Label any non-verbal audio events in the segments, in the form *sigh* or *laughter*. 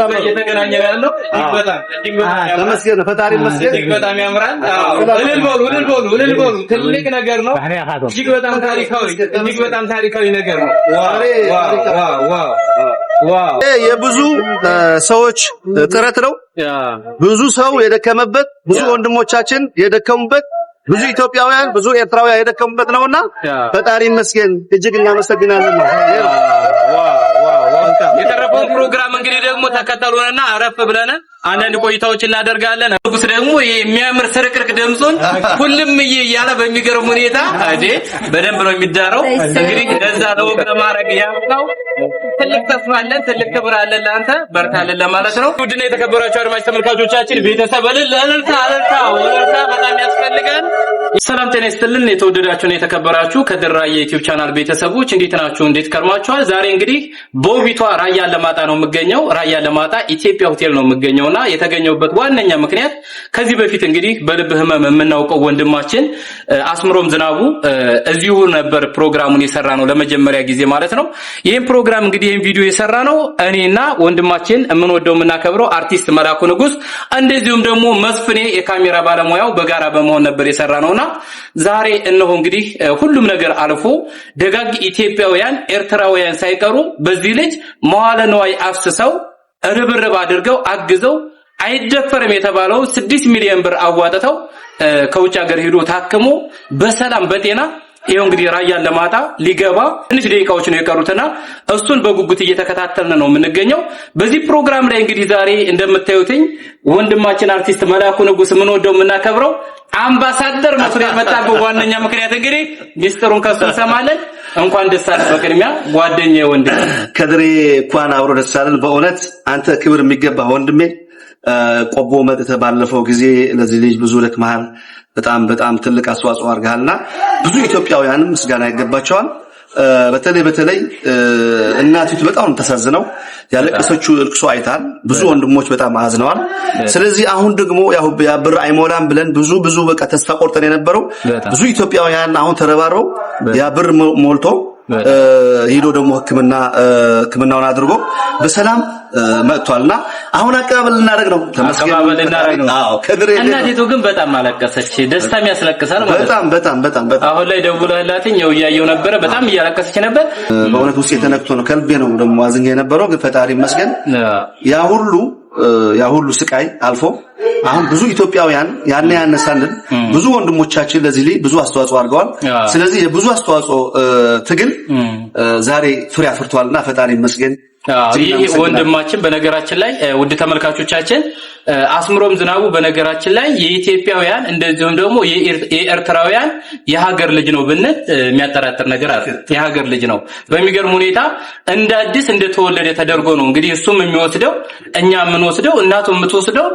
ሰላም ነው። እየተገናኘ ጋር እጅግ ተመስገን፣ ፈጣሪ ይመስገን። እጅግ በጣም ያምራል። እልል በሉ፣ እልል በሉ፣ እልል በሉ። ትልቅ ነገር ነው። እጅግ በጣም ታሪካዊ፣ እጅግ በጣም ታሪካዊ ነገር ነው። የብዙ ሰዎች ጥረት ነው። ብዙ ሰው የደከመበት፣ ብዙ ወንድሞቻችን የደከሙበት ብዙ ኢትዮጵያውያን ብዙ ኤርትራውያን የደከሙበት ነውና ፈጣሪ ይመስገን እጅግ እናመሰግናለን። ይኸው ፕሮግራም እንግዲህ ደግሞ ተከተሉንና አረፍ ብለን አንዳንድ ቆይታዎች እናደርጋለን። ንጉስ ደግሞ የሚያምር ስርቅርቅ ድምፁን ሁሉም እያለ በሚገርም ሁኔታ በደንብ ነው የሚዳረው። እንግዲህ ለዛ ለወግ ለማድረግ ያልነው ትልቅ ተስፋ አለን፣ ትልቅ ክብር አለን ለአንተ በርታለን ለማለት ነው። ውድና የተከበራቸው አድማጭ ተመልካቾቻችን ቤተሰብ እልል እልልታ እልልታ እልልታ በጣም ያስፈልጋል። ሰላም ጤና ይስጥልን። የተወደዳችሁና የተከበራችሁ ከድራ የዩቲዩብ ቻናል ቤተሰቦች እንዴት ናችሁ? እንዴት ከርማችኋል? ዛሬ እንግዲህ በውቢቷ ራያ ለማጣ ነው የምገኘው። ራያ ለማጣ ኢትዮጵያ ሆቴል ነው የምገኘውና የተገኘውበት ዋነኛ ምክንያት ከዚህ በፊት እንግዲህ በልብ ህመም የምናውቀው ወንድማችን አስምሮም ዝናቡ እዚሁ ነበር ፕሮግራሙን የሰራ ነው ለመጀመሪያ ጊዜ ማለት ነው። ይህም ፕሮግራም እንግዲህ ይህን ቪዲዮ የሰራ ነው እኔና ወንድማችን የምንወደው የምናከብረው አርቲስት መላኩ ንጉስ እንደዚሁም ደግሞ መስፍኔ የካሜራ ባለሙያው በጋራ በመሆን ነበር የሰራ ነውና ዛሬ እነሆ እንግዲህ ሁሉም ነገር አልፎ ደጋግ ኢትዮጵያውያን ኤርትራውያን ሳይቀሩ በዚህ ልጅ መዋለ ነዋይ አፍስሰው ርብርብ አድርገው አግዘው አይደፈርም የተባለው ስድስት ሚሊዮን ብር አዋጥተው ከውጭ ሀገር ሄዶ ታክሞ በሰላም በጤና ይሄው እንግዲህ ራያን ለማታ ሊገባ ትንሽ ደቂቃዎች ነው የቀሩትና እሱን በጉጉት እየተከታተልን ነው የምንገኘው። በዚህ ፕሮግራም ላይ እንግዲህ ዛሬ እንደምታዩትኝ ወንድማችን አርቲስት መላኩ ንጉስ የምንወደው የምናከብረው አምባሳደር መስሎ የመጣበት ዋነኛ ምክንያት እንግዲህ ሚስጥሩን ከሱ እንሰማለን። እንኳን ደስ አለ። በቅድሚያ ጓደኛዬ ወንድ ከድሬ እንኳን አብሮ ደስ አለን። በእውነት አንተ ክብር የሚገባ ወንድሜ ቆቦ መጥተህ ባለፈው ጊዜ ለዚህ ልጅ ብዙ ልክ መሃል በጣም በጣም ትልቅ አስተዋጽኦ አድርገሃልና ብዙ ኢትዮጵያውያንም ምስጋና ይገባቸዋል። በተለይ በተለይ እናቲቱ በጣም ተሳዝነው ያለቀሰችው እልቅሶ አይታል። ብዙ ወንድሞች በጣም አዝነዋል። ስለዚህ አሁን ደግሞ ያው ብር አይሞላም ብለን ብዙ ብዙ በቃ ተስፋ ቆርጠን የነበረው ብዙ ኢትዮጵያውያን አሁን ተረባርበው ያ ብር ሞልቶ ሄዶ ደግሞ ህክምና ህክምናውን አድርጎ በሰላም መጥቷልና አሁን አቀባበል እናደርግ ነው። አቀባበል እናደርግ ነው። አዎ ግን በጣም አለቀሰች። ደስታም ያስለቅሳል ማለት በጣም በጣም በጣም በጣም አሁን ላይ ደውለህላትኝ ያው እያየው ነበረ። በጣም እያለቀሰች ነበር። በእውነት ውስጥ የተነክቶ ነው። ከልቤ ነው ደግሞ አዝኜ የነበረው ግን ፈጣሪ ይመስገን ያ ሁሉ ያ ሁሉ ስቃይ አልፎ አሁን ብዙ ኢትዮጵያውያን ያን ያነሳልን ብዙ ወንድሞቻችን ለዚህ ላይ ብዙ አስተዋጽኦ አድርገዋል። ስለዚህ የብዙ አስተዋጽኦ ትግል ዛሬ ፍሬ አፍርቷልና ፈጣሪ ይመስገን። ይህ ወንድማችን በነገራችን ላይ ውድ ተመልካቾቻችን አስምሮም ዝናቡ በነገራችን ላይ የኢትዮጵያውያን እንደዚሁም ደግሞ የኤርትራውያን የሀገር ልጅ ነው ብንል የሚያጠራጥር ነገር አለ። የሀገር ልጅ ነው በሚገርም ሁኔታ እንደ አዲስ እንደተወለደ ተደርጎ ነው እንግዲህ እሱም የሚወስደው እኛ የምንወስደው እናቱ የምትወስደው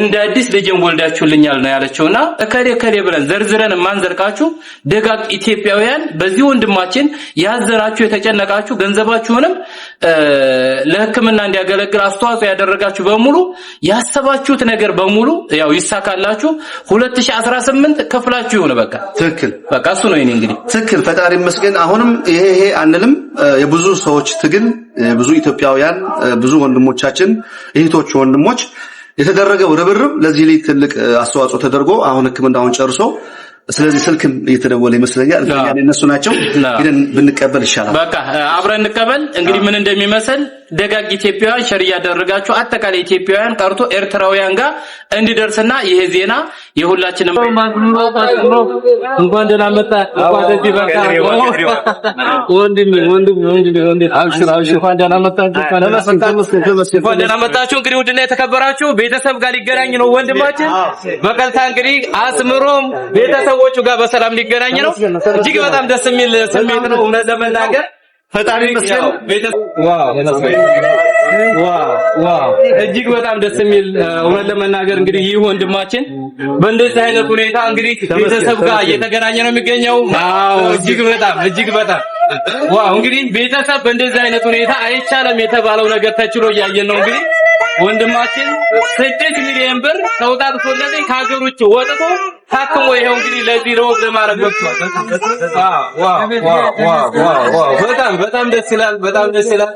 እንደ አዲስ ልጅን ወልዳችሁልኛል ነው እና እከሌ እከሌ ብለን ዘርዝረን የማንዘርካችሁ ደጋግ ኢትዮጵያውያን በዚህ ወንድማችን ያዘናችሁ የተጨነቃችሁ ገንዘባችሁንም ለሕክምና እንዲያገለግል አስተዋጽኦ ያደረጋችሁ በሙሉ ያሰ ያሰባችሁት ነገር በሙሉ ያው ይሳካላችሁ። 2018 ከፍላችሁ ይሁን። በቃ ትክክል። በቃ እሱ ነው። እኔ እንግዲህ ትክክል። ፈጣሪ ይመስገን። አሁንም ይሄ ይሄ አንልም። የብዙ ሰዎች ትግል፣ ብዙ ኢትዮጵያውያን፣ ብዙ ወንድሞቻችን፣ እህቶች፣ ወንድሞች የተደረገው ርብርብ ለዚህ ላይ ትልቅ አስተዋጽኦ ተደርጎ አሁን ሕክምናውን ጨርሶ ስለዚህ ስልክም እየተደወለ ይመስለኛል። እነሱ ናቸው ብንቀበል ይሻላል። በቃ አብረን እንቀበል እንግዲህ ምን እንደሚመስል ደጋግ ኢትዮጵያውያን ሸር እያደረጋችሁ አጠቃላይ ኢትዮጵያውያን ቀርቶ ኤርትራውያን ጋር እንዲደርስና ይሄ ዜና የሁላችንም እንኳን ደህና መጣ። እንኳን ደዚህ በቃ ወንድም ወንድም ወንድም ወንድም አብሽር አብሽር እንኳን ደህና መጣችሁ። እንኳን ደህና መጣችሁ። እንግዲህ ውድና የተከበራችሁ ቤተሰብ ጋር ሊገናኝ ነው ወንድማችን በቀልታ እንግዲህ አስምሮም ቤተሰቦቹ ጋር በሰላም ሊገናኝ ነው። እጅግ በጣም ደስ የሚል ስሜት ነው እውነት ለመናገር ፈጣሪ ይመስገን። እጅግ በጣም ደስ የሚል እውነት ለመናገር እንግዲህ ይህ ወንድማችን በእንደዚህ አይነት ሁኔታ እንግዲህ ቤተሰብ ጋር እየተገናኘ ነው የሚገኘው። አዎ እጅግ በጣም እጅግ በጣም ዋው። እንግዲህ ቤተሰብ በእንደዚህ አይነት ሁኔታ አይቻልም የተባለው ነገር ተችሎ እያየን ነው እንግዲህ ወንድማችን ስድስት ሚሊዮን ብር ተውጣጥቶለት ከሀገር ውጭ ወጥቶ ታክሞ ይኸው እንግዲህ ለዚህ ለወግ ለማድረግ ወጥቷል። በጣም በጣም ደስ ይላል። በጣም ደስ ይላል።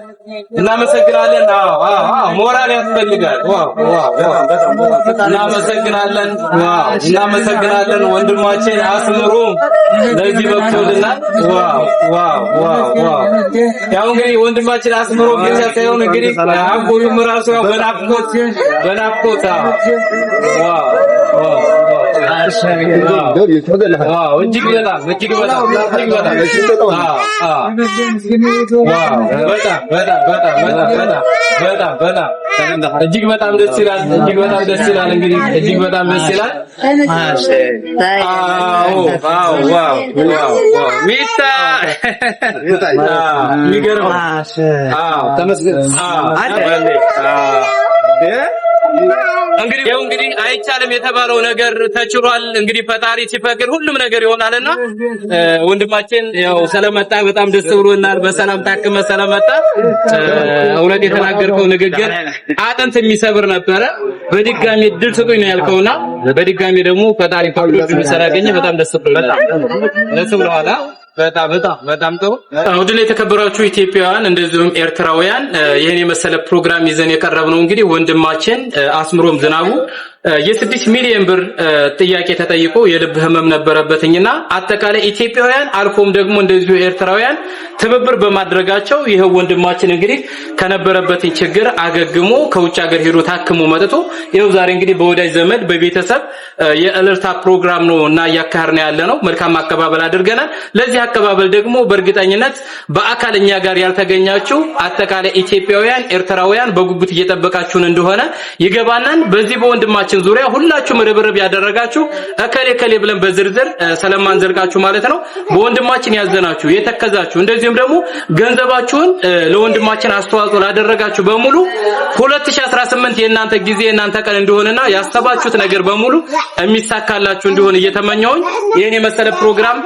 እናመሰግናለን። ሞራል ያስፈልጋል። እናመሰግናለን። እናመሰግናለን። ወንድማችን አስምሮ ለዚህ በቅቶልና ያው እንግዲህ ወንድማችን አስምሮ ብቻ ሳይሆን እንግዲህ አጎዩም ራሱ ያው በናፍቆት በናፍቆት እጅግ በጣም ደስ ይላል። እጅግ በጣም ደስ ይላል። እንግዲህ እጅግ በጣም ደስ ይላል። ሚገርም ተመስገን እንግዲህ እንግዲህ አይቻልም የተባለው ነገር ተችሏል። እንግዲህ ፈጣሪ ሲፈቅድ ሁሉም ነገር ይሆናልና ወንድማችን ያው ስለመጣ በጣም ደስ ብሎናል። በሰላም ታክመ ስለመጣ እውነት የተናገርከው ንግግር አጥንት የሚሰብር ነበረ። በድጋሚ እድል ስጡኝ ነው ያልከውና በድጋሚ ደግሞ ፈጣሪ ፈቅዶ ስለሚሰራገኝ በጣም ደስ ብሎናል። ደስ ብሎናል። በጣም በጣም በጣም ጥሩ። አሁን ላይ የተከበራችሁ ኢትዮጵያውያን እንደዚሁም ኤርትራውያን ይህን የመሰለ ፕሮግራም ይዘን የቀረብነው እንግዲህ ወንድማችን አስምሮም ዝናቡ የስድስት ሚሊዮን ብር ጥያቄ ተጠይቆ የልብ ህመም ነበረበትኝና አጠቃላይ ኢትዮጵያውያን አልፎም ደግሞ እንደዚሁ ኤርትራውያን ትብብር በማድረጋቸው ይህ ወንድማችን እንግዲህ ከነበረበትኝ ችግር አገግሞ ከውጭ ሀገር ሄዶ ታክሞ መጥቶ ይኸው ዛሬ እንግዲህ በወዳጅ ዘመድ በቤተሰብ የእልርታ ፕሮግራም ነው እና ነው ያለ ነው። መልካም አቀባበል አድርገናል። ለዚህ አቀባበል ደግሞ በእርግጠኝነት በአካል እኛ ጋር ያልተገኛችሁ አጠቃላይ ኢትዮጵያውያን ኤርትራውያን በጉጉት እየጠበቃችሁን እንደሆነ ይገባናል። በዚህ በወንድማ በዓላችን ዙሪያ ሁላችሁም ርብርብ ያደረጋችሁ እከሌ እከሌ ብለን በዝርዝር ሰለማን ዘርጋችሁ ማለት ነው በወንድማችን ያዘናችሁ የተከዛችሁ፣ እንደዚሁም ደግሞ ገንዘባችሁን ለወንድማችን አስተዋጽኦ ላደረጋችሁ በሙሉ 2018 የእናንተ ጊዜ የእናንተ ቀን እንደሆነና ያሰባችሁት ነገር በሙሉ የሚሳካላችሁ እንደሆነ እየተመኘውኝ ይህን የመሰለ ፕሮግራም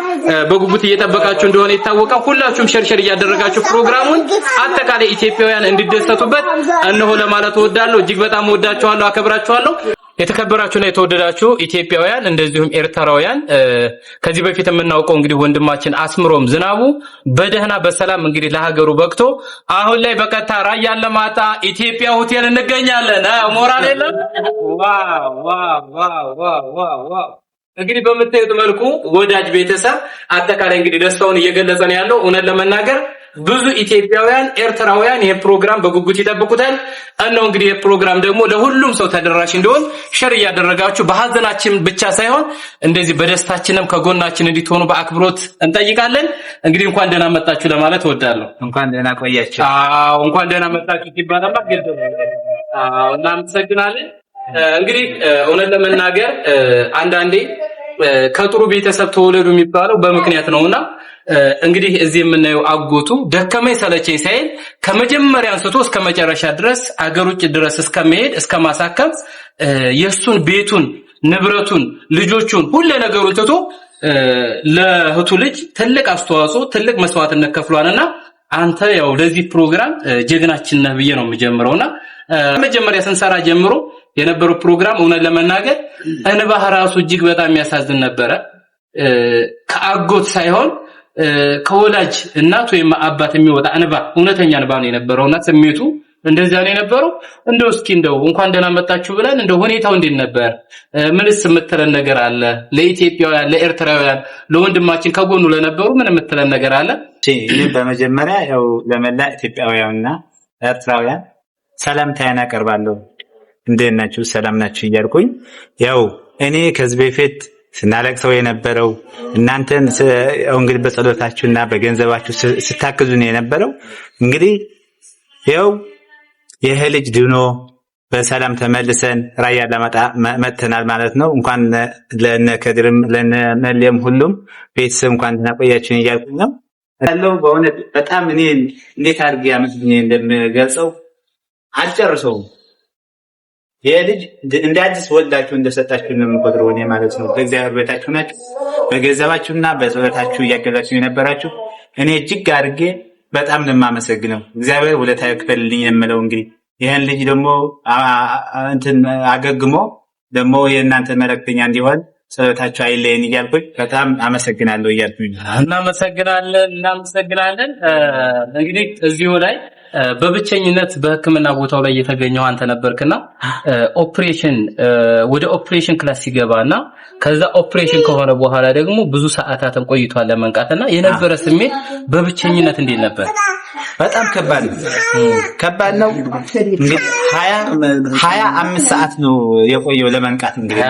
በጉጉት እየጠበቃችሁ እንደሆነ ይታወቃል። ሁላችሁም ሸርሸር እያደረጋችሁ ፕሮግራሙን አጠቃላይ ኢትዮጵያውያን እንዲደሰቱበት እነሆ ለማለት እወዳለሁ። እጅግ በጣም እወዳችኋለሁ፣ አከብራችኋለሁ። የተከበራችሁና የተወደዳችሁ ኢትዮጵያውያን እንደዚሁም ኤርትራውያን ከዚህ በፊት የምናውቀው እንግዲህ ወንድማችን አስምሮም ዝናቡ በደህና በሰላም እንግዲህ ለሀገሩ በቅቶ አሁን ላይ በቀጥታ ራያ አላማጣ ኢትዮጵያ ሆቴል እንገኛለን። ሞራል የለም። እንግዲህ በምታዩት መልኩ ወዳጅ ቤተሰብ አጠቃላይ እንግዲህ ደስታውን እየገለጸ ነው ያለው እውነት ለመናገር ብዙ ኢትዮጵያውያን፣ ኤርትራውያን ይህ ፕሮግራም በጉጉት ይጠብቁታል። እነው እንግዲህ ይሄ ፕሮግራም ደግሞ ለሁሉም ሰው ተደራሽ እንዲሆን ሸር እያደረጋችሁ በሀዘናችን ብቻ ሳይሆን እንደዚህ በደስታችንም ከጎናችን እንዲትሆኑ በአክብሮት እንጠይቃለን። እንግዲህ እንኳን ደህና መጣችሁ ለማለት እወዳለሁ። እንኳን ደህና ቆያችሁ። አዎ እንኳን ደህና መጣችሁ ሲባላማ ገደ እናመሰግናለን። እንግዲህ እውነት ለመናገር አንዳንዴ ከጥሩ ቤተሰብ ተወለዱ የሚባለው በምክንያት ነውና እንግዲህ እዚህ የምናየው አጎቱ ደከመኝ ሰለቸኝ ሳይል ከመጀመሪያ አንስቶ እስከ መጨረሻ ድረስ አገር ውጭ ድረስ እስከመሄድ እስከ ማሳከም የእሱን ቤቱን፣ ንብረቱን፣ ልጆቹን ሁሉ ነገሩ ትቶ ለእህቱ ልጅ ትልቅ አስተዋጽኦ ትልቅ መስዋዕትነት ከፍሏልና አንተ ያው ለዚህ ፕሮግራም ጀግናችን ነህ ብዬ ነው የምጀምረውና መጀመሪያ ስንሰራ ጀምሮ የነበረው ፕሮግራም እውነት ለመናገር እንባህ ራሱ እጅግ በጣም የሚያሳዝን ነበረ። ከአጎት ሳይሆን ከወላጅ እናት ወይም አባት የሚወጣ እንባ እውነተኛ እንባ ነው የነበረው እና ስሜቱ እንደዚያ ነው የነበረው። እንደው እስኪ እንደው እንኳን ደህና መጣችሁ ብለን እንደው ሁኔታው እንዴት ነበር? ምንስ የምትለን ነገር አለ? ለኢትዮጵያውያን፣ ለኤርትራውያን፣ ለወንድማችን ከጎኑ ለነበሩ ምን የምትለን ነገር አለ? በመጀመሪያ ያው ለመላ ኢትዮጵያውያንና ኤርትራውያን ሰላምታዬን አቀርባለሁ። እንዴት ናችሁ? ሰላም ናችሁ እያልኩኝ ያው እኔ ከዚህ በፊት ስናለቅሰው የነበረው እናንተን እንግዲህ በጸሎታችሁና በገንዘባችሁ ስታክዙን የነበረው እንግዲህ ይኸው ይህ ልጅ ድኖ በሰላም ተመልሰን ራያ ለመጣ መጥተናል ማለት ነው። እንኳን ለነ ከድርም ለነ መሌም ሁሉም ቤተሰብ እንኳን እናቆያችን እያልኩኝ ነው ያለው። በእውነት በጣም እኔ እንዴት አድርጌ አመስግኜ እንደምገልጸው አልጨርሰውም። ይሄ ልጅ እንደ አዲስ ወልዳችሁ እንደሰጣችሁ እንደምቆጥረው እኔ ማለት ነው። ከእግዚአብሔር ቤታችሁ ናችሁ። በገንዘባችሁና በጸሎታችሁ እያገዛችሁ የነበራችሁ እኔ እጅግ አድርጌ በጣም ነው የማመሰግነው። እግዚአብሔር ውለታ ይክፈልልኝ የምለው እንግዲህ ይህን ልጅ ደግሞ እንትን አገግሞ ደግሞ የእናንተ መልእክተኛ እንዲሆን ጸሎታችሁ አይለየን እያልኩኝ በጣም አመሰግናለሁ እያልኩኝ እናመሰግናለን እናመሰግናለን እንግዲህ እዚሁ ላይ በብቸኝነት በህክምና ቦታው ላይ እየተገኘው አንተ ነበርክና ኦፕሬሽን ወደ ኦፕሬሽን ክላስ ሲገባና ከዛ ኦፕሬሽን ከሆነ በኋላ ደግሞ ብዙ ሰዓታትን ቆይቷል ለመንቃትና የነበረ ስሜት በብቸኝነት እንዴት ነበር? በጣም ከባድ ከባድ ነው። እንግዲህ ሀያ አምስት ሰዓት ነው የቆየው ለመንቃት እንግዲህ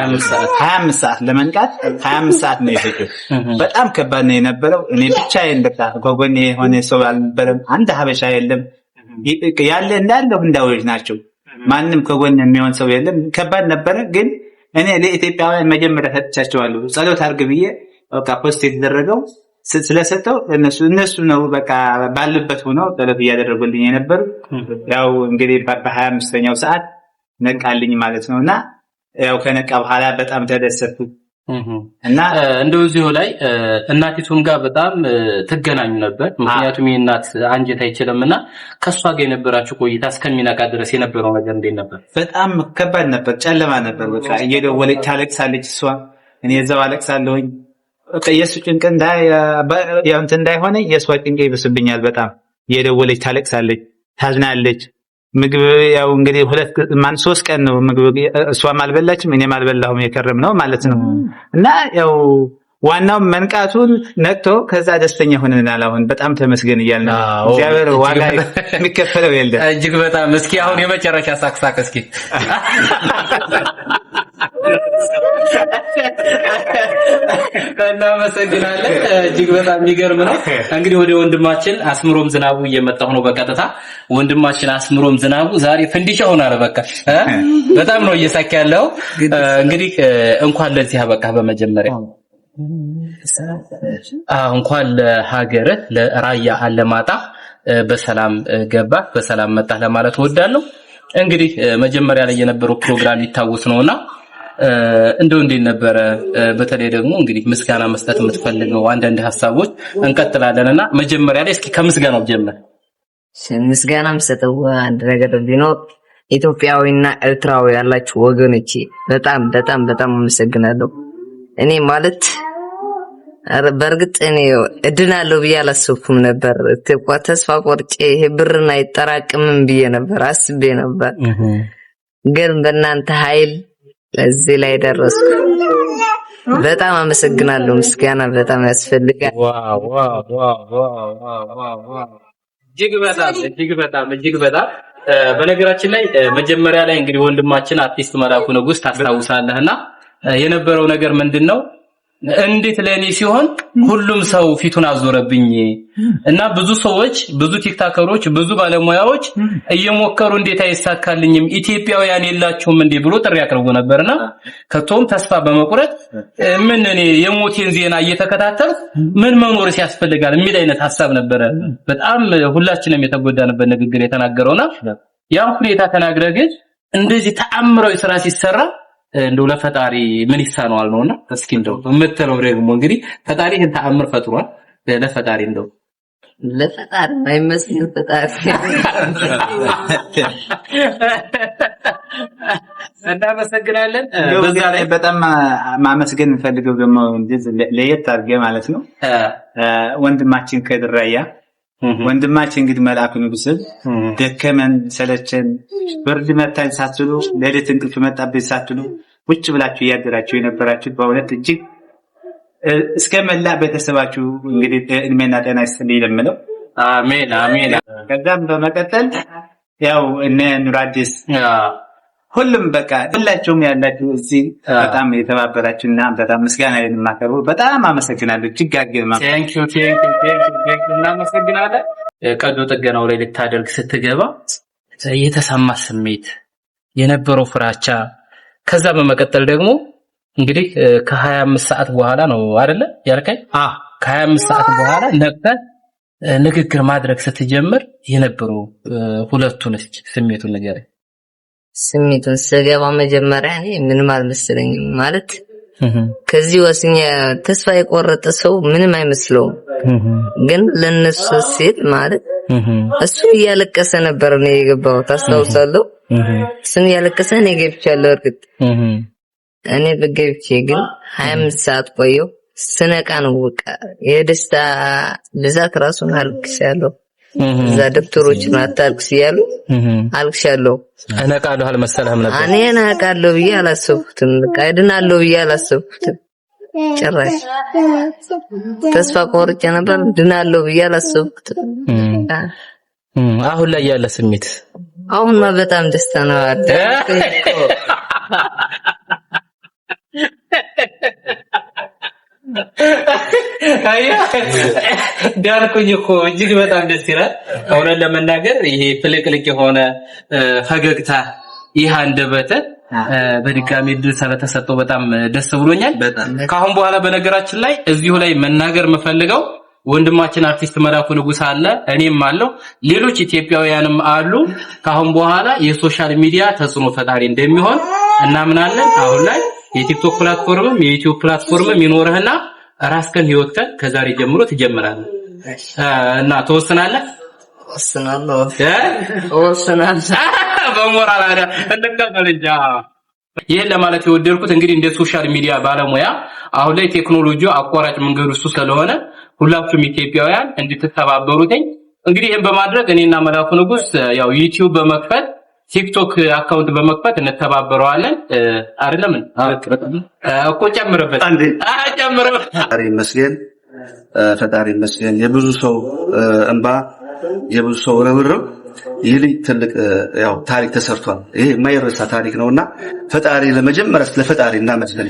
ሀያ አምስት ሰዓት ለመንቃት ሀያ አምስት ሰዓት ነው የቆየው። በጣም ከባድ ነው የነበረው። እኔ ብቻዬን በቃ ጎጎኔ የሆነ ሰው አልነበረም። አንድ ሀበሻ የለም ያለ እንዳለው ህንዳዎች ናቸው። ማንም ከጎን የሚሆን ሰው የለም። ከባድ ነበረ፣ ግን እኔ ለኢትዮጵያውያን መጀመሪያ ሰጥቻቸዋለሁ። ጸሎት አድርግ ብዬ በቃ ፖስት የተደረገው ስለሰጠው እነሱ እነሱ ነው በቃ ባሉበት ሆነው ጸሎት እያደረጉልኝ የነበሩ ያው እንግዲህ በሀያ አምስተኛው ሰዓት ነቃልኝ ማለት ነው እና ያው ከነቃ በኋላ በጣም ተደሰቱ። እና ዚሁ ላይ እናቲቱም ጋር በጣም ትገናኙ ነበር። ምክንያቱም እናት አንጀት አይችልም እና ከእሷ ጋር የነበራችሁ ቆይታ እስከሚነቃ ድረስ የነበረው ነገር እንዴት ነበር? በጣም ከባድ ነበር። ጨለማ ነበር። በቃ እየደወለች ታለቅሳለች። እሷ እኔ እዛው አለቅሳለሁኝ። የእሱ ጭንቅ እንትን እንዳይሆነ የእሷ ጭንቅ ይብስብኛል። በጣም እየደወለች ታለቅሳለች፣ ታዝናለች ምግብ ያው እንግዲህ ሁለት ማን ሶስት ቀን ነው ምግብ እሷም አልበላችም እኔም አልበላሁም የከረም ነው ማለት ነው። እና ያው ዋናው መንቃቱን ነቅቶ ከዛ ደስተኛ ሆነናል። አሁን በጣም ተመስገን እያልን እግዚአብሔር ዋጋ የሚከፈለው የለም። እጅግ በጣም እስኪ አሁን የመጨረሻ ሳቅሳቅ እስኪ *laughs* እናመሰግናለን። እጅግ በጣም የሚገርም ነው። እንግዲህ ወደ ወንድማችን አስምሮም ዝናቡ እየመጣሁ ነው በቀጥታ ወንድማችን አስምሮም ዝናቡ ዛሬ ፍንዲሻ ሆኗል። በቃ በጣም ነው እየሳካ ያለው። እንግዲህ እንኳን ለዚህ አበቃ በመጀመሪያ እንኳን ለሀገርህ ለራያ አለማጣ በሰላም ገባ በሰላም መጣ ለማለት እወዳለሁ። እንግዲህ መጀመሪያ ላይ የነበረው ፕሮግራም ይታወስ ነውና እንደው እንዴት ነበረ? በተለይ ደግሞ እንግዲህ ምስጋና መስጠት የምትፈልገው አንዳንድ ሀሳቦች እንቀጥላለን እና መጀመሪያ ላይ እስኪ ከምስጋናው ጀምር። ምስጋና የምሰጠው አንድ ነገር ቢኖር ኢትዮጵያዊና ኤርትራዊ ያላችሁ ወገኖቼ በጣም በጣም በጣም አመሰግናለሁ። እኔ ማለት በእርግጥ እኔ እድናለሁ ብዬ አላሰብኩም ነበር። ተስፋ ቆርጬ ይሄ ብርን አይጠራቅምም ብዬ ነበር አስቤ ነበር፣ ግን በእናንተ ኃይል እዚህ ላይ ደረስኩ። በጣም አመሰግናለሁ። ምስጋና በጣም ያስፈልጋል። እጅግ በጣም እጅግ በጣም እጅግ በጣም በነገራችን ላይ መጀመሪያ ላይ እንግዲህ ወንድማችን አርቲስት መላኩ ንጉስ ታስታውሳለህና የነበረው ነገር ምንድን ነው? እንዴት ለእኔ ሲሆን ሁሉም ሰው ፊቱን አዞረብኝ እና ብዙ ሰዎች፣ ብዙ ቲክታከሮች፣ ብዙ ባለሙያዎች እየሞከሩ እንዴት አይሳካልኝም ኢትዮጵያውያን የላችሁም እንዴ ብሎ ጥሪ አቅርቦ ነበርና ከቶም ተስፋ በመቁረጥ ምን እኔ የሞቴን ዜና እየተከታተል ምን መኖርስ ያስፈልጋል የሚል አይነት ሀሳብ ነበረ። በጣም ሁላችንም የተጎዳንበት ንግግር የተናገረውና ያን ሁኔታ ተናግረ ግን እንደዚህ ተአምራዊ ስራ ሲሰራ እንደው ለፈጣሪ ምን ይሳነዋል ነውና፣ እስኪ እንደው የምትለው ደግሞ እንግዲህ ፈጣሪ ይህን ተአምር ፈጥሯል። ለፈጣሪ እንደው ለፈጣሪ ማይመስል ፈጣሪ እናመሰግናለን። በዛ ላይ በጣም ማመስገን እንፈልገው ደግሞ ለየት አድርጌ ማለት ነው ወንድማችን ከድራያ ወንድማችን እንግዲህ መልአኩ ንጉስን ደከመን ሰለቸን ብርድ መታኝ ሳትሉ ሌሊት እንቅልፍ መጣብኝ ሳትሉ ውጭ ብላችሁ እያደራችሁ የነበራችሁ በእውነት እጅግ እስከ መላ ቤተሰባችሁ እንግዲህ እድሜና ጤና ይስጥልኝ ለምለው አሜን አሜን። ከዛም በመቀጠል ያው እነ ኑራዲስ ሁሉም በቃ ሁላችሁም ያላችሁ እዚህ በጣም የተባበራችሁ እና በጣም ምስጋና የማቀርቡ በጣም አመሰግናለሁ። እጅግ እናመሰግናለን። ቀዶ ጥገናው ላይ ልታደርግ ስትገባ የተሰማ ስሜት፣ የነበረው ፍራቻ፣ ከዛ በመቀጠል ደግሞ እንግዲህ ከሀያ አምስት ሰዓት በኋላ ነው አደለ ያልከኝ? ከሀያ አምስት ሰዓት በኋላ ነቅተ ንግግር ማድረግ ስትጀምር የነበረው ሁለቱን ስሜቱን ንገረኝ። ስሜቱን ስገባ መጀመሪያ እኔ ምንም አልመስለኝም ማለት ከዚህ ወስኛ ተስፋ የቆረጠ ሰው ምንም አይመስለውም፣ ግን ለነሱ ሲል ማለት እሱ እያለቀሰ ነበር ነው የገባው። ታስታውሳለሁ፣ እሱን እያለቀሰ እኔ ገብቻለሁ። እርግጥ እኔ በገብቼ ግን ሀያ አምስት ሰዓት ቆየው። ስነቃ ነው በቃ የደስታ ብዛት ራሱን አልቅሻለሁ። እዛ ዶክተሮችን አታልቅስ እያሉ አልቅሻለሁ። እነቃለሁ አልመሰለህም ነበር? እኔ እነቃለሁ ብዬ አላሰብኩትም። እድናለሁ ብዬ አላሰብኩትም። ጭራሽ ተስፋ ቆርጬ ነበር። ድናለሁ ብዬ አላሰብኩትም። አሁን ላይ ያለ ስሜት አሁንማ በጣም ደስታ ነው አለ *laughs* ዳንኩኝ እኮ እጅግ በጣም ደስ ይላል። እውነት ለመናገር ይሄ ፍልቅልቅ የሆነ ፈገግታ ይህ አንደበተ በድጋሚ እድል ስለተሰጠው በጣም ደስ ብሎኛል። ከአሁን በኋላ በነገራችን ላይ እዚሁ ላይ መናገር የምፈልገው ወንድማችን አርቲስት መላኩ ንጉስ አለ፣ እኔም አለው፣ ሌሎች ኢትዮጵያውያንም አሉ። ከአሁን በኋላ የሶሻል ሚዲያ ተጽዕኖ ፈጣሪ እንደሚሆን እናምናለን። አሁን ላይ የቲክቶክ ፕላትፎርምም የዩቲዩብ ፕላትፎርምም ይኖርህና ራስከን ህይወት ከን ከዛሬ ጀምሮ ትጀምራለህ እና ትወስናለህ። ወስናለሁ ወስናለሁ በሞራል አይደል እንጂ ይህን ለማለት የወደድኩት እንግዲህ እንደ ሶሻል ሚዲያ ባለሙያ አሁን ላይ ቴክኖሎጂ አቋራጭ መንገድ እሱ ስለሆነ ሁላችሁም ኢትዮጵያውያን እንድትተባበሩትኝ እንግዲህ ይህን በማድረግ እኔና መላኩ ንጉስ ያው ዩቲዩብ በመክፈት ቲክቶክ አካውንት በመክፈት እንተባበረዋለን። አይደለም እኮ ጨምርበት፣ ጨምርበት። ፈጣሪ ይመስገን፣ ፈጣሪ ይመስገን። የብዙ ሰው እንባ፣ የብዙ ሰው ርብርብ ይህ ልጅ ትልቅ ያው ታሪክ ተሰርቷል። ይሄ የማይረሳ ታሪክ ነውና ፈጣሪ ለመጀመሪያ ስለፈጣሪ እናመስገን።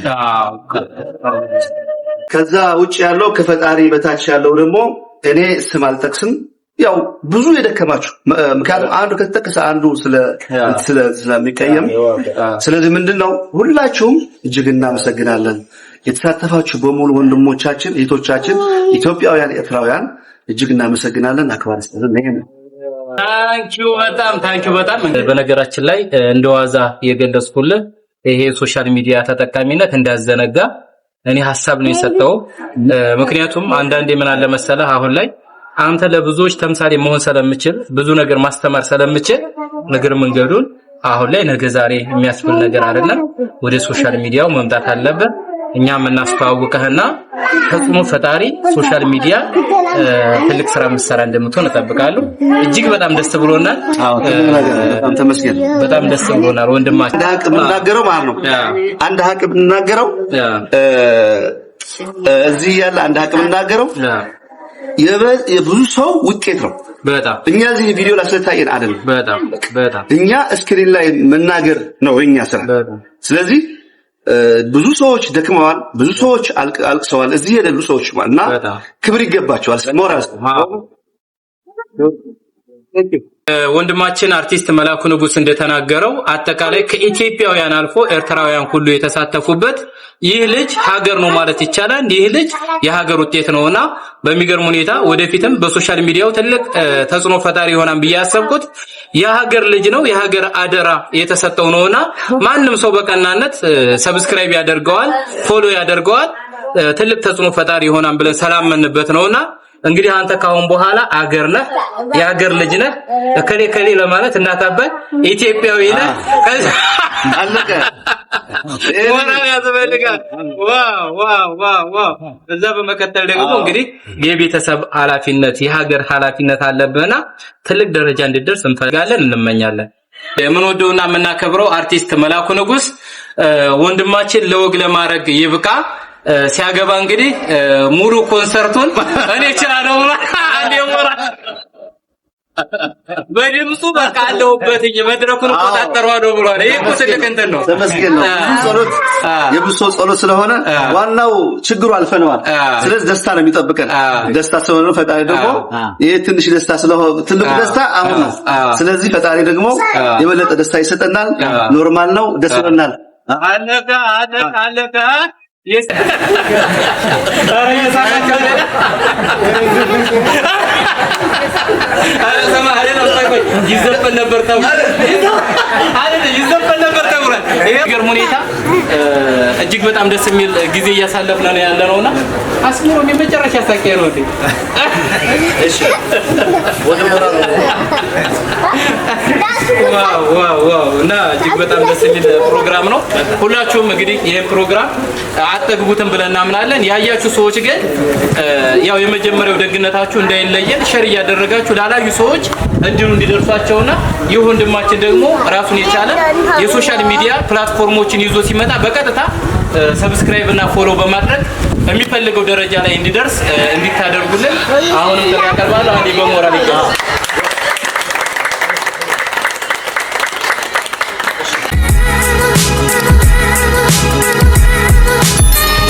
ከዛ ውጭ ያለው ከፈጣሪ በታች ያለው ደግሞ እኔ ስም አልጠቅስም ያው ብዙ የደከማችሁ ምክንያቱም አንዱ ከተጠቀሰ አንዱ ስለሚቀየም፣ ስለዚህ ምንድን ነው ሁላችሁም እጅግ እናመሰግናለን። የተሳተፋችሁ በሙሉ ወንድሞቻችን፣ እህቶቻችን፣ ኢትዮጵያውያን፣ ኤርትራውያን እጅግ እናመሰግናለን። አክባር ስጠትን ይሄ ነው። ታንኪዩ በጣም ታንኪዩ በጣም በነገራችን ላይ እንደ ዋዛ የገለጽኩልህ ይሄ ሶሻል ሚዲያ ተጠቃሚነት እንዳዘነጋ እኔ ሀሳብ ነው የሰጠው። ምክንያቱም አንዳንዴ ምን አለ መሰለህ አሁን ላይ አንተ ለብዙዎች ተምሳሌ መሆን ስለምችል ብዙ ነገር ማስተማር ስለምችል ነገር መንገዱን አሁን ላይ ነገ ዛሬ የሚያስብል ነገር አይደለም። ወደ ሶሻል ሚዲያው መምጣት አለብን። እኛም እናስተዋውቅህና ተጽዕኖ ፈጣሪ ሶሻል ሚዲያ ትልቅ ስራ የምትሰራ እንደምትሆን እጠብቃለሁ። እጅግ በጣም ደስ ብሎናል። በጣም ተመስገን። በጣም ደስ ብሎናል ወንድማችን። አንድ ሀቅ ብናገረው ማለት ነው። አንድ ሀቅ ምናገረው። እዚህ ያለ አንድ ሀቅ ብናገረው የብዙ ሰው ውጤት ነው። በጣም እኛ እዚህ ቪዲዮ ስለታየን አይደለም። በጣም በጣም እኛ እስክሪን ላይ መናገር ነው የኛ ስራ። ስለዚህ ብዙ ሰዎች ደክመዋል፣ ብዙ ሰዎች አልቅሰዋል። እዚህ የሌሉ ሰዎች እና ክብር ይገባቸዋል ሞራል ወንድማችን አርቲስት መላኩ ንጉስ እንደተናገረው አጠቃላይ ከኢትዮጵያውያን አልፎ ኤርትራውያን ሁሉ የተሳተፉበት ይህ ልጅ ሀገር ነው ማለት ይቻላል። ይህ ልጅ የሀገር ውጤት ነውና በሚገርም ሁኔታ ወደፊትም በሶሻል ሚዲያው ትልቅ ተጽዕኖ ፈጣሪ ይሆናል ብዬ ያሰብኩት የሀገር ልጅ ነው፣ የሀገር አደራ የተሰጠው ነውና ማንም ሰው በቀናነት ሰብስክራይብ ያደርገዋል፣ ፎሎ ያደርገዋል፣ ትልቅ ተጽዕኖ ፈጣሪ ይሆናል ብለን ሰላምንበት ነውና እንግዲህ አንተ ካሁን በኋላ አገር ነህ፣ የአገር ልጅ ነህ። እከሌ ከሌ ለማለት እናት ኢትዮጵያዊ ነህ። አለቀ። ወላሂ ያስፈልጋል። ዋው ዋው ዋው ዋው። እዛ በመቀጠል ደግሞ እንግዲህ የቤተሰብ ኃላፊነት የሀገር ኃላፊነት አለብህና ትልቅ ደረጃ እንድደርስ እንፈልጋለን፣ እንመኛለን። የምንወደውና የምናከብረው አርቲስት መላኩ ንጉስ ወንድማችን ለወግ ለማድረግ ይብቃ። ሲያገባ እንግዲህ ሙሉ ኮንሰርቱን እኔ እችላለሁ ብሏል። አንዴ ሞራ በድምፁ በቃ አለሁበት መድረኩን እቆጣጠረዋለሁ ብሏል። ይሄ እኮ ትልቅ እንትን ነው። ተመስገን ነው። የብሶ ጸሎት ስለሆነ ዋናው ችግሩ አልፈነዋል። ስለዚህ ደስታ ነው የሚጠብቀን። ደስታ ስለሆነ ፈጣሪ ደግሞ ይሄ ትንሽ ደስታ ስለሆነ ትልቁ ደስታ አሁን ነው። ስለዚህ ፈጣሪ ደግሞ የበለጠ ደስታ ይሰጠናል። ኖርማል ነው። ደስ ይለናል። አለቀ አለቀ አለቀ ይዘፈን *laughs* ነበር ተብሏል። ገርም ሁኔታ እጅግ በጣም ደስ የሚል ጊዜ እያሳለፍን ነው ያለ ነውና አስሙሮም የመጨረሻ ሳቄ ነው። እና እጅግ በጣም ደስ የሚል ፕሮግራም ነው። ሁላችሁም እንግዲህ ይህን ፕሮግራም አጠግቡትን ብለን እናምናለን። ያያችሁ ሰዎች ግን ያው የመጀመሪያው ደግነታችሁ እንዳይለየን ሸር እያደረጋችሁ ላላዩ ሰዎች እድሉ እንዲደርሳቸውና ይህ ወንድማችን ደግሞ ራሱን የቻለ የሶሻል ሚዲያ ፕላትፎርሞችን ይዞ ሲመጣ በቀጥታ ሰብስክራይብ እና ፎሎ በማድረግ የሚፈልገው ደረጃ ላይ እንዲደርስ እንዲታደርጉልን አሁንም ጥሪ አቀርባለሁ። አንዴ በሞራል ይገባል።